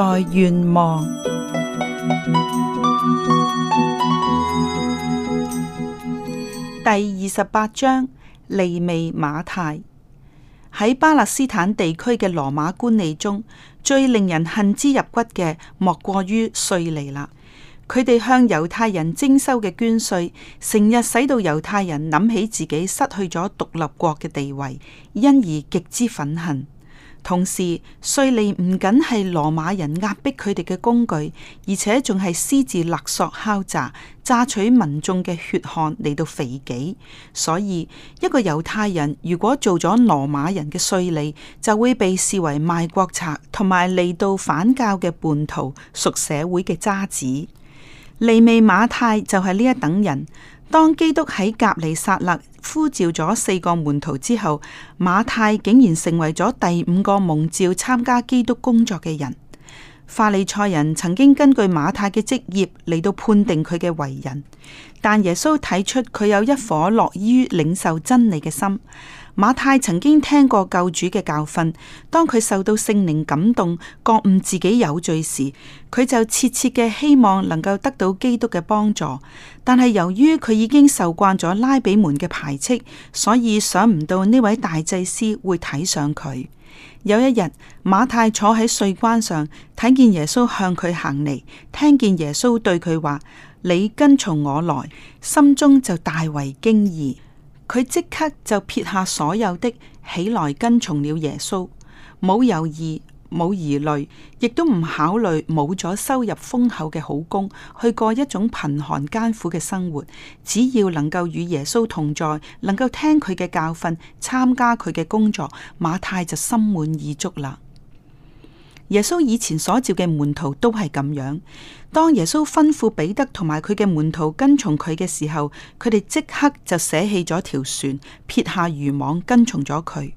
在願望第二十八章，利未馬太。喺巴勒斯坦地區嘅羅馬官吏中，最令人恨之入骨嘅，莫過於稅吏啦。佢哋向猶太人徵收嘅捐稅，成日使到猶太人諗起自己失去咗獨立國嘅地位，因而極之憤恨。同時，稅吏唔僅係羅馬人壓迫佢哋嘅工具，而且仲係私自勒索敲詐，榨取民眾嘅血汗嚟到肥己。所以，一個猶太人如果做咗羅馬人嘅稅吏，就會被視為賣國賊，同埋嚟到反教嘅叛徒，屬社會嘅渣子。利未馬太就係呢一等人。當基督喺革尼撒勒呼召咗四個門徒之後，馬太竟然成為咗第五個蒙召參加基督工作嘅人。法利賽人曾經根據馬太嘅職業嚟到判定佢嘅為人，但耶穌睇出佢有一顆樂於領受真理嘅心。馬太曾經聽過救主嘅教訓，當佢受到聖靈感動，覺悟自己有罪時，佢就切切嘅希望能夠得到基督嘅幫助。但係由於佢已經受慣咗拉比們嘅排斥，所以想唔到呢位大祭司會睇上佢。有一日，馬太坐喺稅關上，睇見耶穌向佢行嚟，聽見耶穌對佢話，你跟從我來，心中就大為驚異。佢即刻就撇下所有的，起來跟從了耶穌，冇猶豫冇疑慮，亦都唔考慮冇咗收入豐厚嘅好工，去過一種貧寒艱苦嘅生活，只要能夠與耶穌同在，能夠聽佢嘅教訓，參加佢嘅工作，馬太就心滿意足啦。耶穌以前所召嘅門徒都係咁樣。當耶穌吩咐彼得同埋佢嘅門徒跟從佢嘅時候，佢哋即刻就捨棄咗條船，撇下漁網跟從咗佢。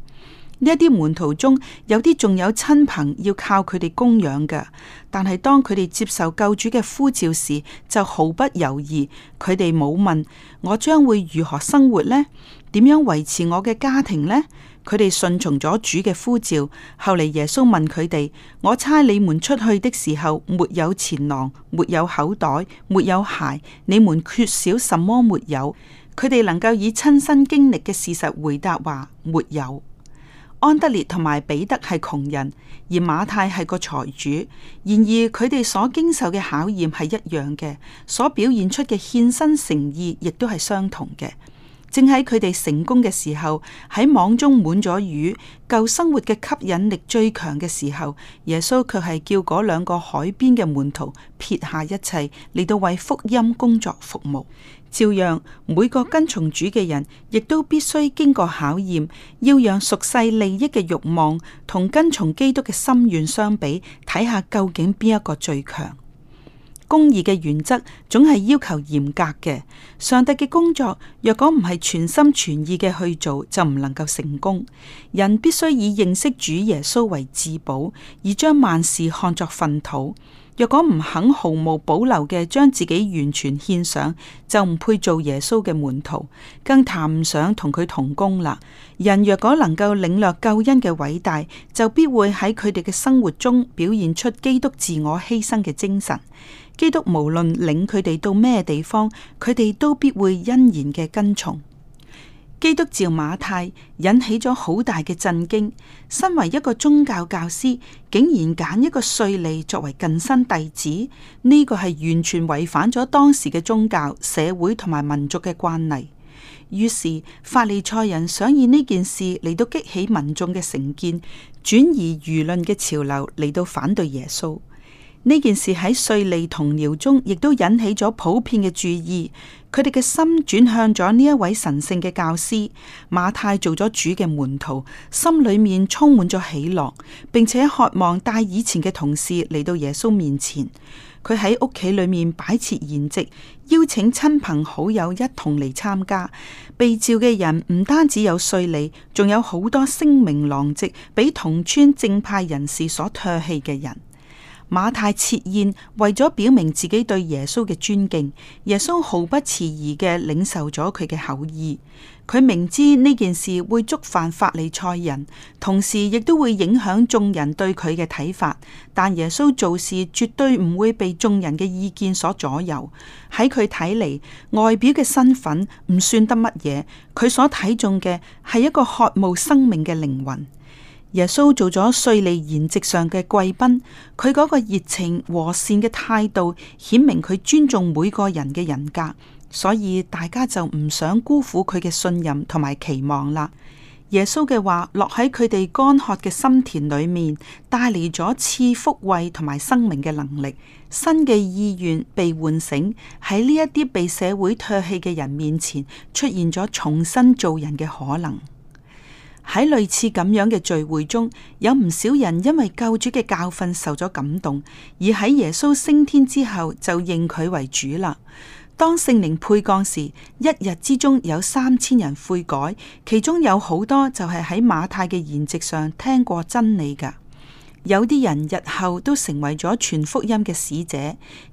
呢一啲門徒中有啲仲有親朋要靠佢哋供養嘅，但係當佢哋接受救主嘅呼召時，就毫不猶豫。佢哋冇問，我將會如何生活呢？點樣維持我嘅家庭呢？佢哋順從咗主嘅呼召，後嚟耶穌問佢哋：我差你們出去的時候沒有錢囊，沒有口袋，沒有鞋，你們缺少什麼沒有？佢哋能夠以親身經歷嘅事實回答話：沒有。安德烈同埋彼得係窮人，而馬太係個財主，然而佢哋所經受嘅考驗係一樣嘅，所表現出嘅獻身誠意亦都係相同嘅。正喺佢哋成功嘅時候，喺網中滿咗魚，舊生活嘅吸引力最強嘅時候，耶穌卻係叫嗰兩個海邊嘅門徒撇下一切嚟，到為福音工作服務。照樣，每個跟從主嘅人，亦都必須經過考驗，要讓俗世利益嘅慾望同跟、跟從基督嘅心願相比，睇下究竟邊一個最強。公義嘅原則總係要求嚴格嘅。上帝嘅工作，若果唔係全心全意嘅去做，就唔能夠成功。人必須以認識主耶穌為至寶，而將萬事看作糞土。若果唔肯毫無保留嘅將自己完全獻上，就唔配做耶穌嘅門徒，更談唔上同佢同工啦。人若果能夠領略救恩嘅偉大，就必會喺佢哋嘅生活中表現出基督自我犧牲嘅精神。基督無論領佢哋到咩地方，佢哋都必會欣然嘅跟從。基督召馬太引起咗好大嘅震驚。身為一個宗教教師，竟然揀一個稅吏作為近身弟子，呢、這個係完全違反咗當時嘅宗教、社會同埋民族嘅慣例。於是法利賽人想以呢件事嚟到激起民眾嘅成見，轉移輿論嘅潮流嚟到反對耶穌。呢件事喺稅吏同僚中，亦都引起咗普遍嘅注意。佢哋嘅心轉向咗呢一位神聖嘅教師。馬太做咗主嘅門徒，心裏面充滿咗喜樂，並且渴望帶以前嘅同事嚟到耶穌面前。佢喺屋企裏面擺設筵席，邀請親朋好友一同嚟參加。被召嘅人唔單止有稅吏，仲有好多聲名狼藉、俾同村正派人士所唾棄嘅人。馬太設宴，為咗表明自己對耶穌嘅尊敬，耶穌毫不遲疑嘅領受咗佢嘅口意。佢明知呢件事會觸犯法利賽人，同時亦都會影響眾人對佢嘅睇法。但耶穌做事絕對唔會被眾人嘅意見所左右。喺佢睇嚟，外表嘅身份唔算得乜嘢，佢所睇重嘅係一個渴慕生命嘅靈魂。耶穌做咗稅吏筵席上嘅貴賓，佢嗰個熱情和善嘅態度，顯明佢尊重每個人嘅人格，所以大家就唔想辜負佢嘅信任同埋期望啦。耶穌嘅話落喺佢哋乾渴嘅心田裏面，帶嚟咗賜福惠同埋生命嘅能力，新嘅意願被喚醒，喺呢一啲被社會唾棄嘅人面前，出現咗重新做人嘅可能。喺類似咁樣嘅聚會中，有唔少人因為救主嘅教訓受咗感動，而喺耶穌升天之後就認佢為主啦。當聖靈沛降時，一日之中有三千人悔改，其中有好多就係喺馬太嘅筵席上聽過真理噶。有啲人日後都成為咗全福音嘅使者。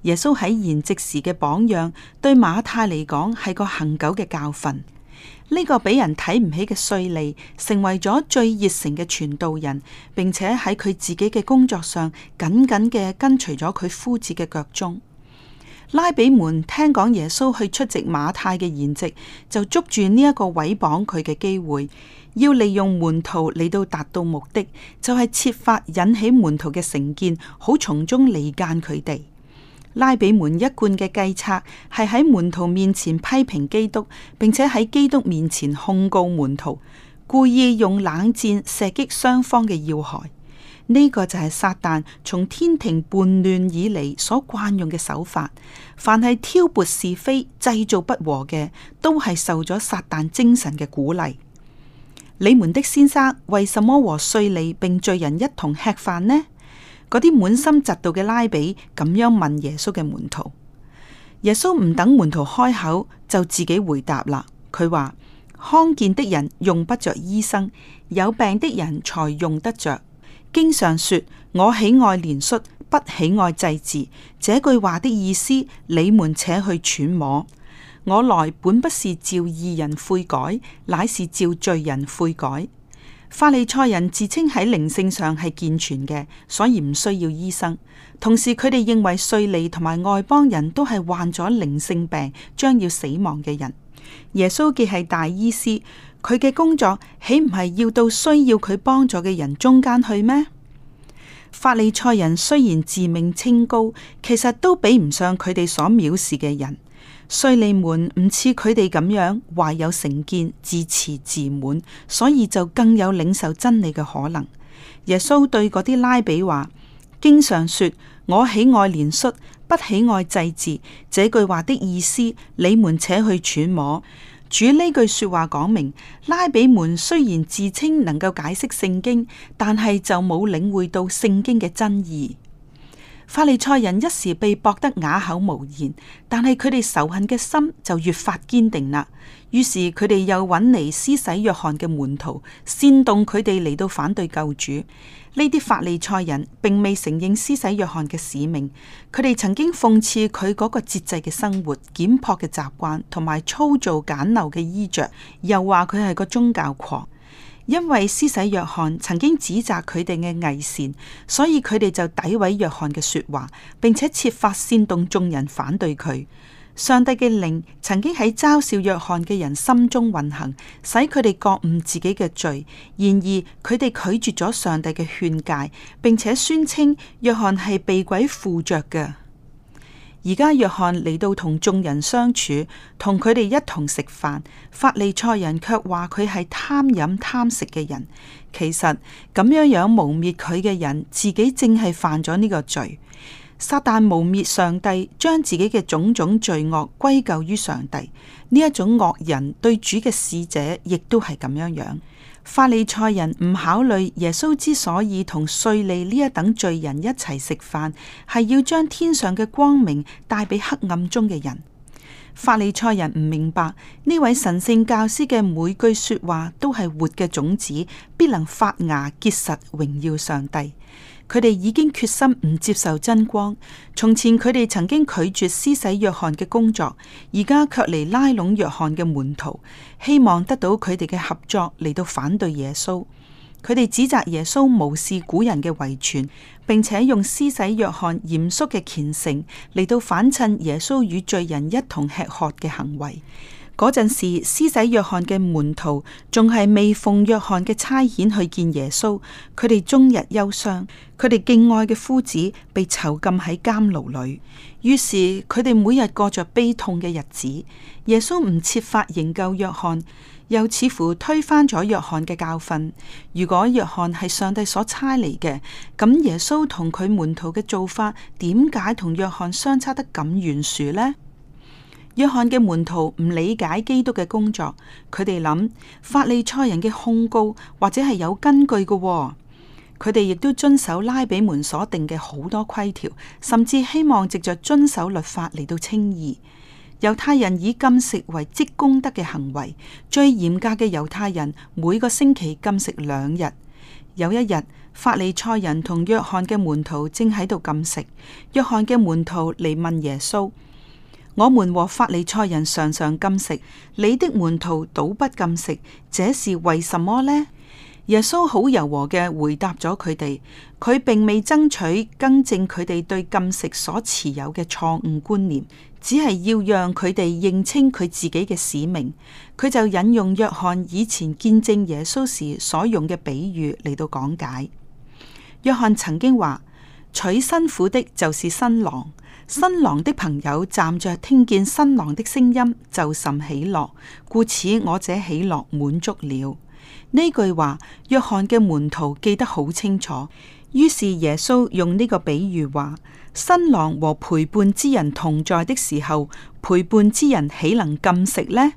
耶穌喺筵席時嘅榜樣，對馬太嚟講係個恒久嘅教訓。呢個俾人睇唔起嘅稅吏，成為咗最熱誠嘅傳道人，並且喺佢自己嘅工作上，緊緊嘅跟隨咗佢夫子嘅腳蹤。拉比們聽講耶穌去出席馬太嘅筵席，就捉住呢一個毀謗佢嘅機會，要利用門徒嚟到達到目的，就係設法引起門徒嘅成見，好從中離間佢哋。拉比門一貫嘅計策係喺門徒面前批評基督，並且喺基督面前控告門徒，故意用冷箭射擊雙方嘅要害。呢個就係撒旦從天庭叛亂以嚟所慣用嘅手法。凡係挑撥是非、製造不和嘅，都係受咗撒旦精神嘅鼓勵。你們的先生為什麼和稅吏並罪人一同吃飯呢？嗰啲滿心嫉妒嘅拉比咁樣問耶穌嘅門徒，耶穌唔等門徒開口就自己回答啦。佢話：康健的人用不着醫生，有病的人才用得着。經常說我喜愛憐恤，不喜愛祭祀」。這句話的意思，你們且去揣摩。我來本不是召義人悔改，乃是召罪人悔改。法利賽人自稱喺靈性上係健全嘅，所以唔需要醫生。同時，佢哋認為稅吏同埋外邦人都係患咗靈性病，將要死亡嘅人。耶穌既係大醫師，佢嘅工作豈唔係要到需要佢幫助嘅人中間去咩？法利賽人雖然自命清高，其實都比唔上佢哋所藐視嘅人。雖你們唔似佢哋咁樣懷有成見、自持自滿，所以就更有領受真理嘅可能。耶穌對嗰啲拉比話，經常說我喜愛憐恤，不喜愛祭祀」，這句話的意思，你們且去揣摩。主呢句說話講明，拉比們雖然自稱能夠解釋聖經，但係就冇領會到聖經嘅真義。法利賽人一時被駁得啞口無言，但係佢哋仇恨嘅心就越發堅定啦。於是佢哋又搵嚟施洗約翰嘅門徒，煽動佢哋嚟到反對救主。呢啲法利賽人並未承認施洗約翰嘅使命，佢哋曾經諷刺佢嗰個節制嘅生活、儉樸嘅習慣同埋粗糙簡陋嘅衣着，又話佢係個宗教狂。因為施洗約翰曾經指責佢哋嘅偽善，所以佢哋就詆毀約翰嘅說話，並且設法煽動眾人反對佢。上帝嘅靈曾經喺嘲笑約翰嘅人心中運行，使佢哋覺悟自己嘅罪。然而佢哋拒絕咗上帝嘅勸誡，並且宣稱約翰係被鬼附着嘅。而家約翰嚟到同眾人相處，同佢哋一同食飯，法利賽人卻話佢係貪飲貪食嘅人。其實咁樣樣污衊佢嘅人，自己正係犯咗呢個罪。撒旦污衊上帝，將自己嘅種種罪惡歸咎於上帝。呢一種惡人對主嘅使者，亦都係咁樣樣。法利賽人唔考慮耶穌之所以同稅吏呢一等罪人一齊食飯，係要將天上嘅光明帶俾黑暗中嘅人。法利賽人唔明白呢位神聖教師嘅每句說話都係活嘅種子，必能發芽結實，榮耀上帝。佢哋已經決心唔接受真光。從前佢哋曾經拒絕施洗約翰嘅工作，而家卻嚟拉攏約翰嘅門徒，希望得到佢哋嘅合作嚟到反對耶穌。佢哋指責耶穌無視古人嘅遺傳，並且用施洗約翰嚴肅嘅虔誠嚟到反襯耶穌與罪人一同吃喝嘅行為。嗰陣時，施洗約翰嘅門徒仲係未奉約翰嘅差遣去見耶穌，佢哋終日憂傷，佢哋敬愛嘅夫子被囚禁喺監牢裏，於是佢哋每日過着悲痛嘅日子。耶穌唔設法營救約翰，又似乎推翻咗約翰嘅教訓。如果約翰係上帝所差嚟嘅，咁耶穌同佢門徒嘅做法點解同約翰相差得咁懸殊呢？約翰嘅門徒唔理解基督嘅工作，佢哋諗法利賽人嘅控告或者係有根據嘅，哦。佢哋亦都遵守拉比門所定嘅好多規條，甚至希望藉著遵守律法嚟到稱義。猶太人以禁食為積功德嘅行為，最嚴格嘅猶太人每個星期禁食兩日。有一日，法利賽人同約翰嘅門徒正喺度禁食，約翰嘅門徒嚟問耶穌。我們和法利賽人常常禁食，你的門徒倒不禁食，這是為什麼呢？耶穌好柔和嘅回答咗佢哋，佢並未爭取更正佢哋對禁食所持有嘅錯誤觀念，只係要讓佢哋認清佢自己嘅使命。佢就引用約翰以前見證耶穌時所用嘅比喻嚟到講解。約翰曾經話，娶新婦的，就是新郎。新郎的朋友站着聽見新郎的聲音就甚喜樂，故此我這喜樂滿足了。呢句話，約翰嘅門徒記得好清楚。於是耶穌用呢個比喻話：新郎和陪伴之人同在的時候，陪伴之人豈能禁食呢？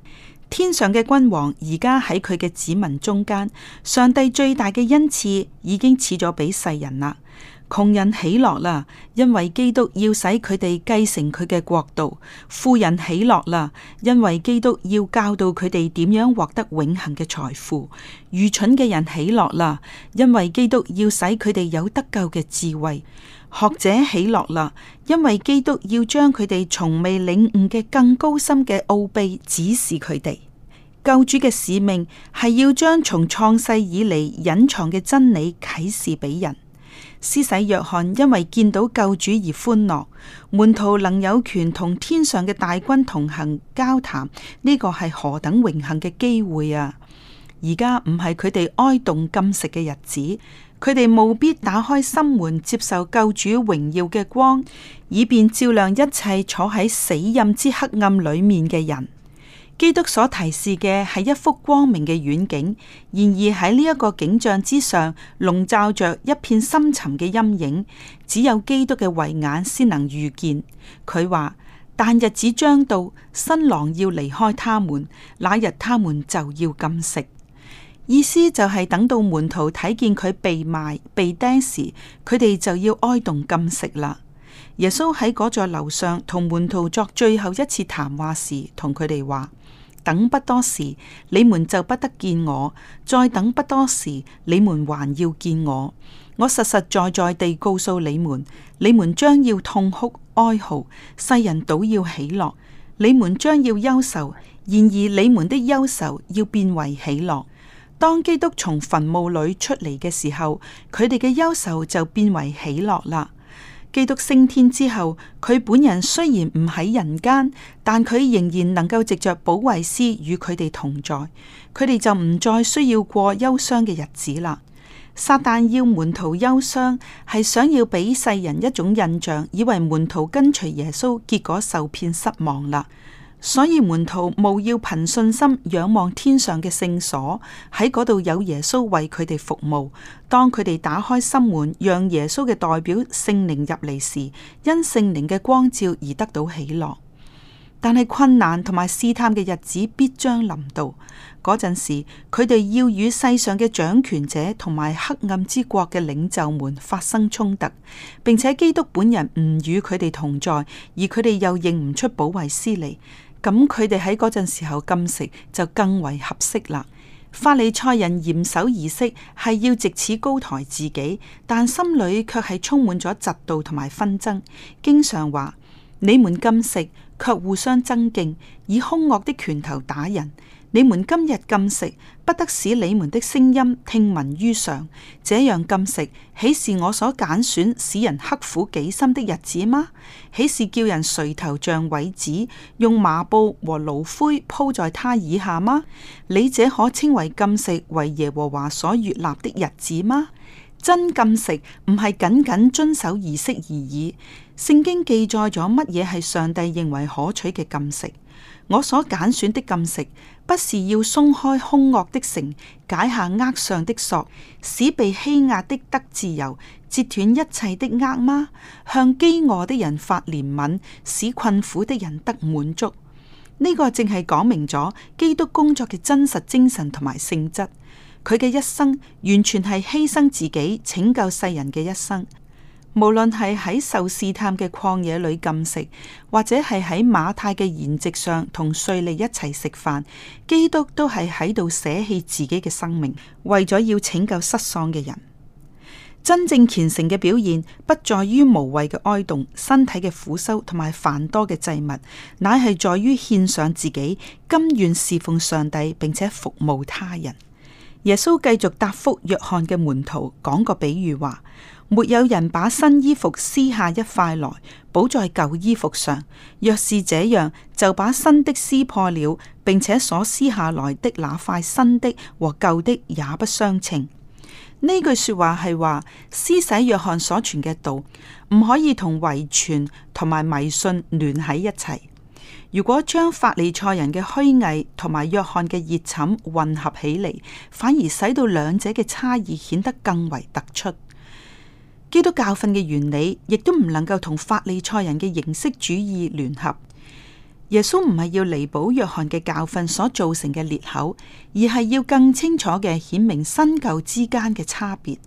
天上嘅君王而家喺佢嘅子民中間，上帝最大嘅恩賜已經賜咗俾世人啦。窮人喜樂啦，因為基督要使佢哋繼承佢嘅國度；富人喜樂啦，因為基督要教導佢哋點樣獲得永恆嘅財富；愚蠢嘅人喜樂啦，因為基督要使佢哋有得救嘅智慧；學者喜樂啦，因為基督要將佢哋從未領悟嘅更高深嘅奧秘指示佢哋。救主嘅使命係要將從創世以嚟隱藏嘅真理啟示俾人。施洗約翰因為見到救主而歡樂，門徒能有權同天上嘅大軍同行交談，呢、這個係何等榮幸嘅機會啊！而家唔係佢哋哀慟禁食嘅日子，佢哋務必打開心門，接受救主榮耀嘅光，以便照亮一切坐喺死蔭之黑暗裏面嘅人。基督所提示嘅係一幅光明嘅遠景，然而喺呢一個景象之上籠罩着一片深沉嘅陰影，只有基督嘅慧眼先能預見。佢話：但日子將到，新郎要離開他們，那日他們就要禁食。意思就係等到門徒睇見佢被賣、被釘時，佢哋就要哀動禁食啦。耶穌喺嗰座樓上同門徒作最後一次談話時，同佢哋話。等不多時，你們就不得見我；再等不多時，你們還要見我。我實實在在地告訴你們，你們將要痛哭哀嚎，世人倒要喜樂；你們將要憂愁，然而你們的憂愁要變為喜樂。當基督從墳墓裏出嚟嘅時候，佢哋嘅憂愁就變為喜樂啦。基督升天之後，佢本人雖然唔喺人間，但佢仍然能夠藉着保惠師與佢哋同在，佢哋就唔再需要過憂傷嘅日子啦。撒旦要門徒憂傷，係想要俾世人一種印象，以為門徒跟隨耶穌，結果受騙失望啦。所以門徒務要憑信心仰望天上嘅聖所，喺嗰度有耶穌為佢哋服務。當佢哋打開心門，讓耶穌嘅代表聖靈入嚟時，因聖靈嘅光照而得到喜樂。但係困難同埋試探嘅日子必將臨到。嗰陣時，佢哋要與世上嘅掌權者同埋黑暗之國嘅領袖們發生衝突，並且基督本人唔與佢哋同在，而佢哋又認唔出保惠師嚟。咁佢哋喺嗰陣時候禁食就更為合適啦。法利賽人嚴守儀式，係要藉此高抬自己，但心裏卻係充滿咗嫉妒同埋紛爭，經常話：你們禁食，卻互相爭競，以兇惡的拳頭打人。你們今日禁食，不得使你們的聲音聽聞於上。這樣禁食，豈是我所揀選使人刻苦己心的日子嗎？豈是叫人垂頭像葦子，用麻布和爐灰鋪在他以下嗎？你這可稱為禁食為耶和華所悦納的日子嗎？真禁食唔係僅僅遵守儀式而已。聖經記載咗乜嘢係上帝認為可取嘅禁食？我所揀選，選的禁食，不是要鬆開凶惡的繩，解下軛上的索，使被欺壓的得自由，截斷一切的軛嗎？向饑餓的人發憐憫，使困苦的人得滿足？呢、這個正係講明咗基督工作嘅真實精神同埋性質。佢嘅一生完全係犧牲自己拯救世人嘅一生。無論係喺受試探嘅曠野裏禁食，或者係喺馬太嘅筵席上同稅吏一齊食飯，基督都係喺度捨棄自己嘅生命，為咗要拯救失喪嘅人。真正虔誠嘅表現，不在於無謂嘅哀動、身體嘅苦修同埋繁多嘅祭物，乃係在於獻上自己甘願侍奉上帝，並且服務他人。耶穌繼續答復約翰嘅門徒，講個比喻話。沒有人把新衣服撕下一塊來補在舊衣服上。若是這樣，就把新的撕破了，並且所撕下來的那塊新的和舊的也不相稱。呢句說話係話，施洗約翰所傳嘅道唔可以同遺傳同埋迷信聯喺一齊。如果將法利賽人嘅虛偽同埋約翰嘅熱忱混合起嚟，反而使到兩者嘅差異顯得更為突出。基督教訓嘅原理，亦都唔能夠同法利賽人嘅形式主義聯合。耶穌唔係要彌補約翰嘅教訓所造成嘅裂口，而係要更清楚嘅顯明新舊之間嘅差別。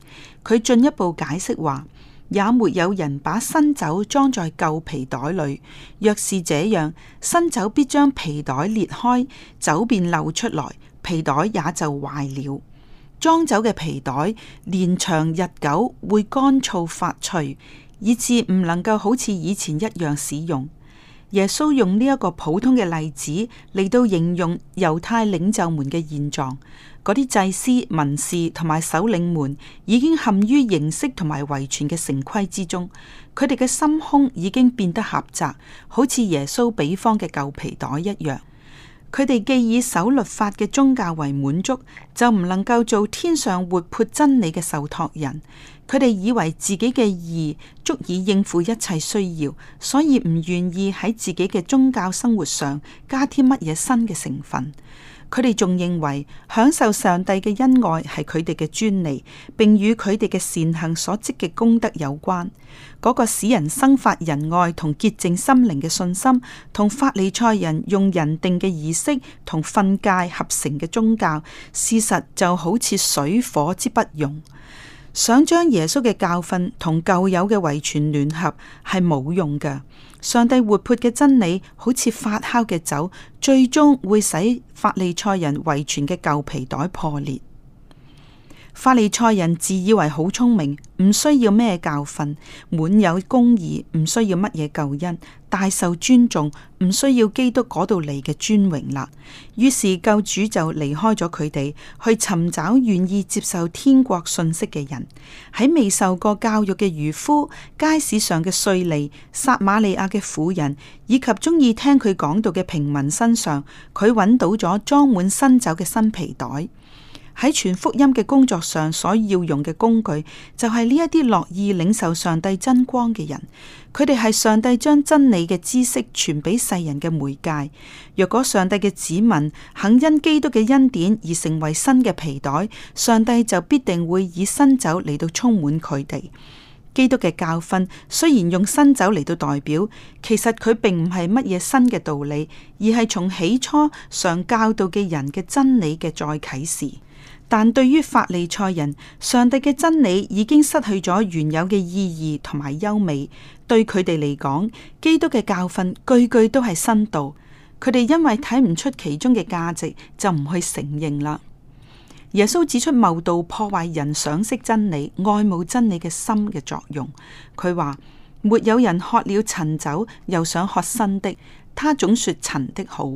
佢進一步解釋話：也沒有人把新酒裝在舊皮袋裏，若是這樣，新酒必將皮袋裂開，酒便漏出來，皮袋也就壞了。裝酒嘅皮袋年長日久會乾燥發脆，以至唔能夠好似以前一樣使用。耶穌用呢一個普通嘅例子嚟到形容猶太領袖們嘅現狀，嗰啲祭司、文士同埋首領們已經陷於形式同埋遺傳嘅成規之中，佢哋嘅心胸已經變得狹窄，好似耶穌比方嘅舊皮袋一樣。佢哋既以守律法嘅宗教為滿足，就唔能夠做天上活潑真理嘅受託人。佢哋以為自己嘅義足以應付一切需要，所以唔願意喺自己嘅宗教生活上加添乜嘢新嘅成分。佢哋仲認為享受上帝嘅恩愛係佢哋嘅專利，並與佢哋嘅善行所積嘅功德有關。嗰、那個使人生發仁愛同潔淨心靈嘅信心，同法利賽人用人定嘅儀式同訓誡合成嘅宗教，事實就好似水火之不容。想將耶穌嘅教訓同舊有嘅遺傳聯合，係冇用㗎。上帝活潑嘅真理，好似發酵嘅酒，最終會使法利賽人遺傳嘅舊皮袋破裂。法利賽人自以為好聰明，唔需要咩教訓，滿有公義，唔需要乜嘢救恩，大受尊重，唔需要基督嗰度嚟嘅尊榮啦。於是救主就離開咗佢哋，去尋找願意接受天國信息嘅人。喺未受過教育嘅漁夫、街市上嘅稅吏、撒瑪利亞嘅婦人，以及中意聽佢講道嘅平民身上，佢揾到咗裝滿新酒嘅新皮袋。喺傳福音嘅工作上，所要用嘅工具，就係呢一啲樂意領受上帝真光嘅人。佢哋係上帝將真理嘅知識傳俾世人嘅媒介。若果上帝嘅子民肯因基督嘅恩典而成為新嘅皮袋，上帝就必定會以新酒嚟到充滿佢哋。基督嘅教訓雖然用新酒嚟到代表，其實佢並唔係乜嘢新嘅道理，而係從起初上教導嘅人嘅真理嘅再啟示。但對於法利賽人，上帝嘅真理已經失去咗原有嘅意義同埋優美。對佢哋嚟講，基督嘅教訓句句都係新道。佢哋因為睇唔出其中嘅價值，就唔去承認啦。耶穌指出，謬道破壞人賞識真理、愛慕真理嘅心嘅作用。佢話：沒有人喝了陳酒又想喝新的，他總說陳的好。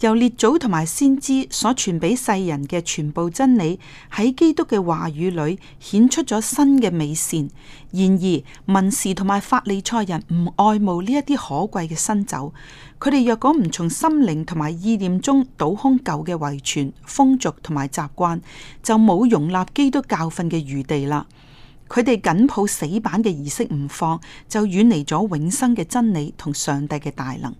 由列祖同埋先知所傳俾世人嘅全部真理，喺基督嘅話語裏顯出咗新嘅美善。然而，文士同埋法利賽人唔愛慕呢一啲可貴嘅新酒，佢哋若果唔從心靈同埋意念中倒空舊嘅遺傳、風俗同埋習慣，就冇容納基督教訓嘅餘地啦。佢哋緊抱死板嘅儀式唔放，就遠離咗永生嘅真理同上帝嘅大能。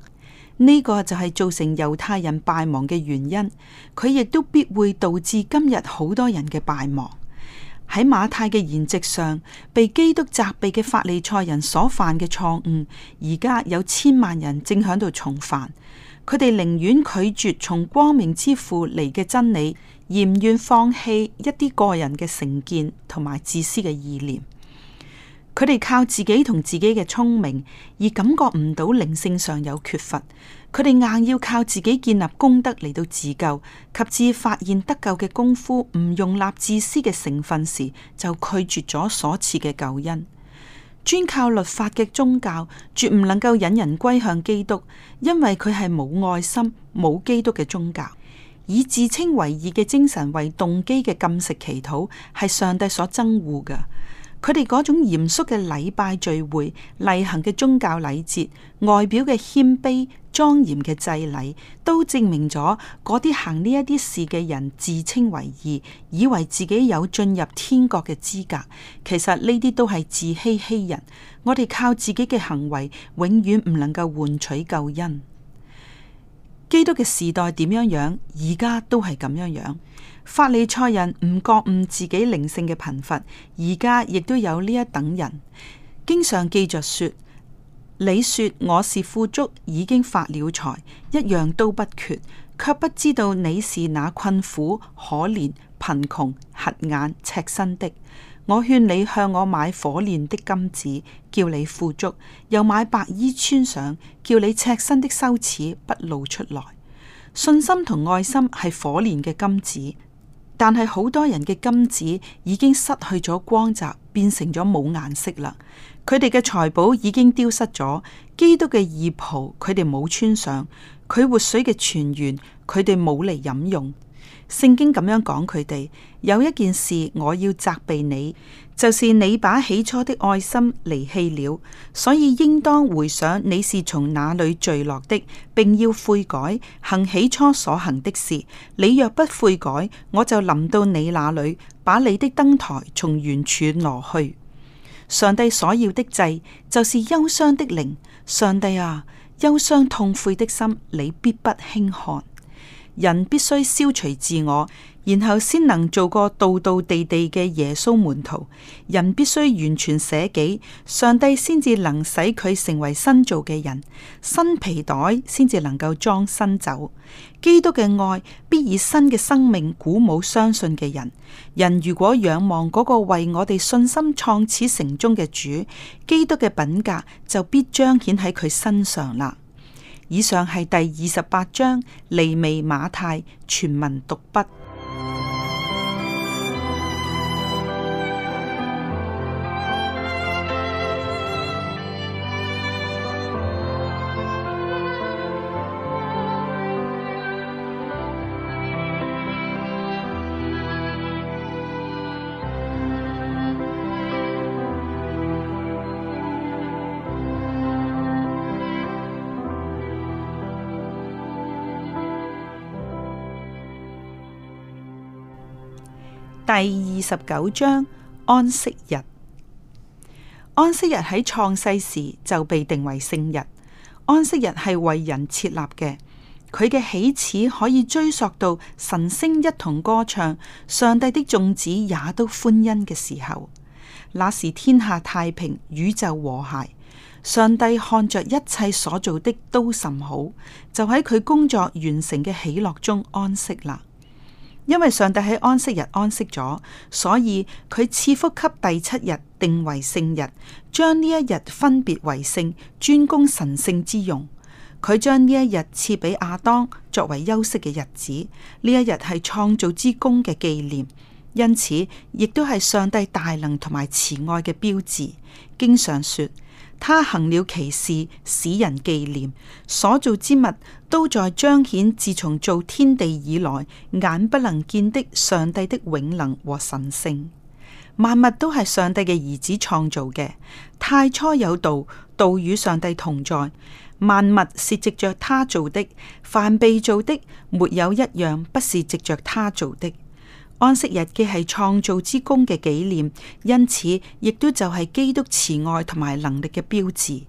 呢個就係造成猶太人敗亡嘅原因，佢亦都必會導致今日好多人嘅敗亡。喺馬太嘅筵席上，被基督責備嘅法利賽人所犯嘅錯誤，而家有千萬人正響度重犯。佢哋寧願拒絕從光明之父嚟嘅真理，而唔願放棄一啲個人嘅成見同埋自私嘅意念。佢哋靠自己同自己嘅聰明，而感覺唔到靈性上有缺乏。佢哋硬要靠自己建立功德嚟到自救，及至發現得救嘅功夫唔容納自私嘅成分時，就拒絕咗所賜嘅救恩。專靠律法嘅宗教，絕唔能夠引人歸向基督，因為佢係冇愛心、冇基督嘅宗教。以自稱為義嘅精神為動機嘅禁食祈禱，係上帝所憎惡嘅。佢哋嗰種嚴肅嘅禮拜聚會、例行嘅宗教禮節、外表嘅謙卑、莊嚴嘅祭禮，都證明咗嗰啲行呢一啲事嘅人自稱為義，以為自己有進入天國嘅資格。其實呢啲都係自欺欺人。我哋靠自己嘅行為，永遠唔能夠換取救恩。基督嘅時代點樣樣，而家都係咁樣樣。法利賽人唔覺悟自己靈性嘅貧乏，而家亦都有呢一等人，經常記着說：你說我是富足，已經發了財，一樣都不缺，卻不知道你是那困苦、可憐、貧窮、瞎眼、赤身的。我勸你向我買火煉的金子，叫你富足；又買白衣穿上，叫你赤身的羞恥不露出來。信心同愛心係火煉嘅金子。但係好多人嘅金子已經失去咗光澤，變成咗冇顏色啦。佢哋嘅財寶已經丟失咗。基督嘅義袍佢哋冇穿上，佢活水嘅泉源佢哋冇嚟飲用。聖經咁樣講佢哋有一件事，我要責備你。就是你把起初的愛心離棄了，所以應當回想你是從哪裏墜落的，並要悔改行起初所行的事。你若不悔改，我就臨到你那裏，把你的燈臺從原處挪去。上帝所要的祭就是憂傷的靈。上帝啊，憂傷痛悔的心，你必不輕看。人必須消除自我，然後先能做個道道地地嘅耶穌門徒。人必須完全捨己，上帝先至能使佢成為新造嘅人，新皮袋先至能夠裝新酒。基督嘅愛必以新嘅生命鼓舞相信嘅人。人如果仰望嗰個為我哋信心創始成終嘅主，基督嘅品格就必彰顯喺佢身上啦。以上係第二十八章利未馬太全文讀畢。第二十九章，安息日。安息日喺創世時就被定為聖日。安息日係為人設立嘅，佢嘅起始可以追溯到晨星一同歌唱，上帝的眾子也都歡欣嘅時候。那時天下太平，宇宙和諧，上帝看着一切所做的都甚好，就喺佢工作完成嘅喜樂中安息啦。因為上帝喺安息日安息咗，所以佢賜福給第七日定為聖日，將呢一日分別為聖，專供神聖之用。佢將呢一日賜俾亞當作為休息嘅日子，呢一日係創造之功嘅紀念，因此亦都係上帝大能同埋慈愛嘅標誌。經常說。他行了其事，使人紀念所造之物，都在彰顯自從造天地以來眼不能見的上帝的永能和神聖。萬物都係上帝嘅兒子創造嘅。太初有道，道與上帝同在。萬物是藉着他做的，凡被做的，沒有一樣不是藉着他做的。安息日既係創造之功嘅紀念，因此亦都就係基督慈愛同埋能力嘅標誌。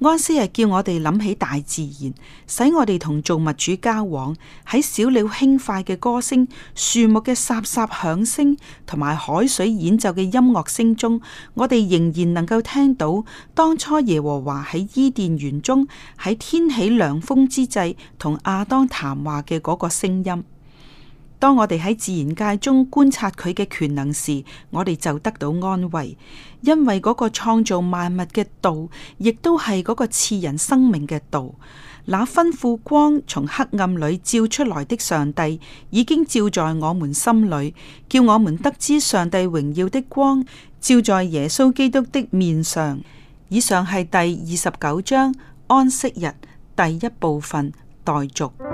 安息日叫我哋諗起大自然，使我哋同造物主交往，喺小鳥輕快嘅歌聲、樹木嘅颯颯響聲同埋海水演奏嘅音樂聲中，我哋仍然能夠聽到當初耶和華喺伊甸園中，喺天起涼風之際同亞當談話嘅嗰個聲音。當我哋喺自然界中觀察佢嘅權能時，我哋就得到安慰，因為嗰個創造萬物嘅道，亦都係嗰個賜人生命嘅道。那吩咐光從黑暗裏照出來的上帝，已經照在我們心裏，叫我們得知上帝榮耀的光，照在耶穌基督的面上。以上係第二十九章安息日第一部分待續。代